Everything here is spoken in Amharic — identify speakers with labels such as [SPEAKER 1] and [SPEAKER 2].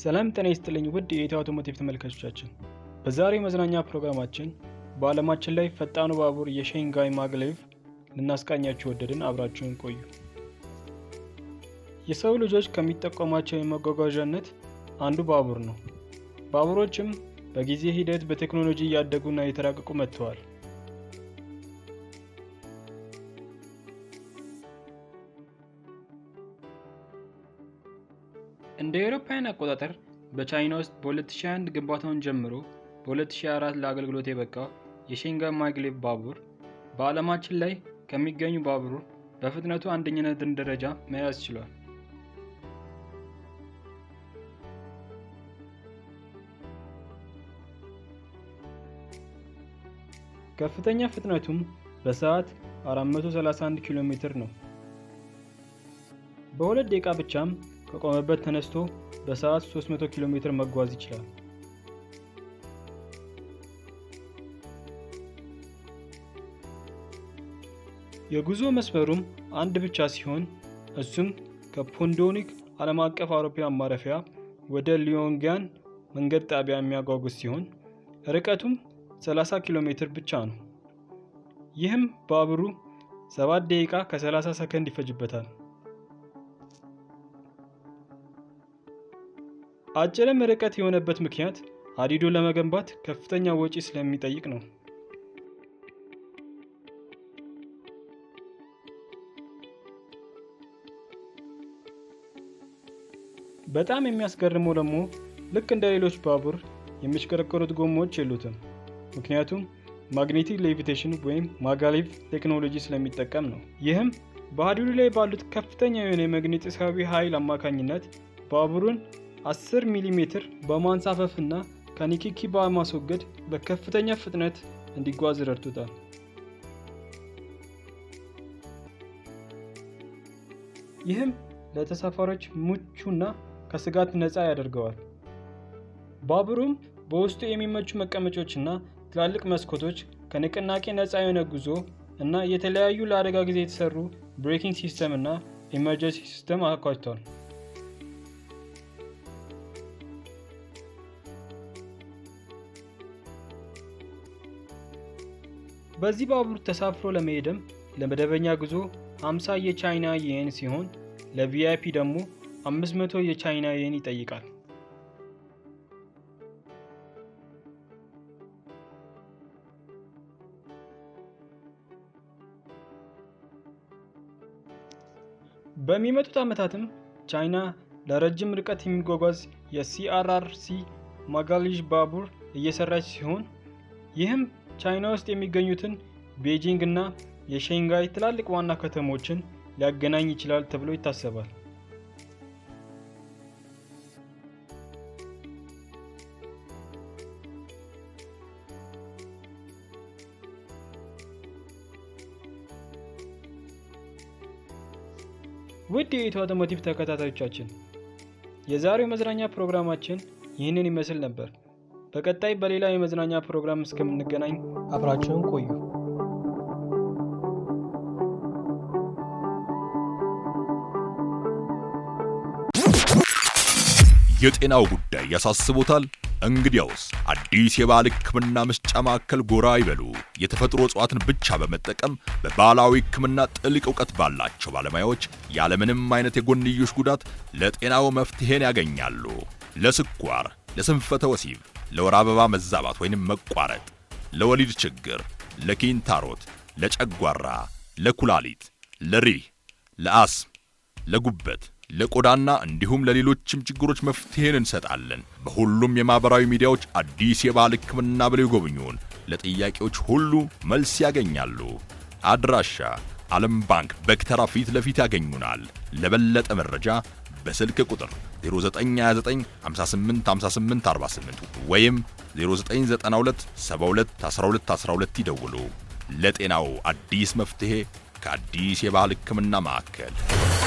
[SPEAKER 1] ሰላም ጤና ይስጥልኝ ውድ የኢትዮ አውቶሞቲቭ ተመልካቾቻችን፣ በዛሬው መዝናኛ ፕሮግራማችን በዓለማችን ላይ ፈጣኑ ባቡር የሼንጋይ ማግሌቭ ልናስቃኛችሁ ወደድን። አብራችሁን ቆዩ። የሰው ልጆች ከሚጠቀሟቸው የመጓጓዣነት አንዱ ባቡር ነው። ባቡሮችም በጊዜ ሂደት በቴክኖሎጂ እያደጉና እየተራቀቁ መጥተዋል። እንደ አውሮፓውያን አቆጣጠር በቻይና ውስጥ በ2001 ግንባታውን ጀምሮ በ2004 ለአገልግሎት የበቃው የሼንጋ ማግሌቭ ባቡር በዓለማችን ላይ ከሚገኙ ባቡር በፍጥነቱ አንደኝነትን ደረጃ መያዝ ችሏል። ከፍተኛ ፍጥነቱም በሰዓት 431 ኪሎ ሜትር ነው። በሁለት ደቂቃ ብቻም ከቆመበት ተነስቶ በሰዓት 300 ኪሎ ሜትር መጓዝ ይችላል። የጉዞ መስመሩም አንድ ብቻ ሲሆን እሱም ከፖንዶኒክ ዓለም አቀፍ አውሮፕላን ማረፊያ ወደ ሊዮንጊያን መንገድ ጣቢያ የሚያጓጉዝ ሲሆን ርቀቱም 30 ኪሎ ሜትር ብቻ ነው። ይህም ባቡሩ 7 ደቂቃ ከ30 ሰከንድ ይፈጅበታል። አጭርም ርቀት የሆነበት ምክንያት ሀዲዱን ለመገንባት ከፍተኛ ወጪ ስለሚጠይቅ ነው። በጣም የሚያስገርመው ደግሞ ልክ እንደ ሌሎች ባቡር የሚሽከረከሩት ጎማዎች የሉትም። ምክንያቱም ማግኔቲክ ሌቪቴሽን ወይም ማጋሌቭ ቴክኖሎጂ ስለሚጠቀም ነው። ይህም በሀዲዱ ላይ ባሉት ከፍተኛ የሆነ የመግነጢሳዊ ኃይል አማካኝነት ባቡሩን 10 ሚሜ በማንሳፈፍና ከኒኪኪ በማስወገድ በከፍተኛ ፍጥነት እንዲጓዝ ረድቶታል። ይህም ለተሳፋሪዎች ምቹና ከስጋት ነፃ ያደርገዋል። ባቡሩም በውስጡ የሚመቹ መቀመጫዎችና ትላልቅ መስኮቶች ከንቅናቄ ነፃ የሆነ ጉዞ እና የተለያዩ ለአደጋ ጊዜ የተሰሩ ብሬኪንግ ሲስተም እና ኢመርጀንሲ ሲስተም አካቷል። በዚህ ባቡር ተሳፍሮ ለመሄድም ለመደበኛ ጉዞ 50 የቻይና የን ሲሆን ለቪአይፒ ደግሞ 500 የቻይና የን ይጠይቃል። በሚመጡት ዓመታትም ቻይና ለረጅም ርቀት የሚጓጓዝ የሲአርአርሲ ማጋሊዥ ባቡር እየሰራች ሲሆን ይህም ቻይና ውስጥ የሚገኙትን ቤጂንግ እና የሸንጋይ ትላልቅ ዋና ከተሞችን ሊያገናኝ ይችላል ተብሎ ይታሰባል። ውድ የኢትዮ አውቶሞቲቭ ተከታታዮቻችን የዛሬው መዝናኛ ፕሮግራማችን ይህንን ይመስል ነበር። በቀጣይ በሌላ የመዝናኛ ፕሮግራም እስከምንገናኝ አብራችሁን ቆዩ።
[SPEAKER 2] የጤናው ጉዳይ ያሳስቦታል? እንግዲያውስ አዲስ የባህል ሕክምና መስጫ ማዕከል ጎራ ይበሉ። የተፈጥሮ እጽዋትን ብቻ በመጠቀም በባህላዊ ሕክምና ጥልቅ እውቀት ባላቸው ባለሙያዎች ያለምንም አይነት የጎንዮሽ ጉዳት ለጤናው መፍትሄን ያገኛሉ። ለስኳር፣ ለስንፈተ ወሲብ ለወር አበባ መዛባት ወይንም መቋረጥ፣ ለወሊድ ችግር፣ ለኪንታሮት፣ ለጨጓራ፣ ለኩላሊት፣ ለሪህ፣ ለአስም፣ ለጉበት፣ ለቆዳና እንዲሁም ለሌሎችም ችግሮች መፍትሄን እንሰጣለን። በሁሉም የማህበራዊ ሚዲያዎች አዲስ የባህል ሕክምና ብለው ይጎብኙን። ለጥያቄዎች ሁሉ መልስ ያገኛሉ። አድራሻ ዓለም ባንክ በክተራ ፊት ለፊት ያገኙናል። ለበለጠ መረጃ በስልክ ቁጥር 0929585848 ወይም 0992721212 ይደውሉ። ለጤናው አዲስ መፍትሄ ከአዲስ የባህል ሕክምና ማዕከል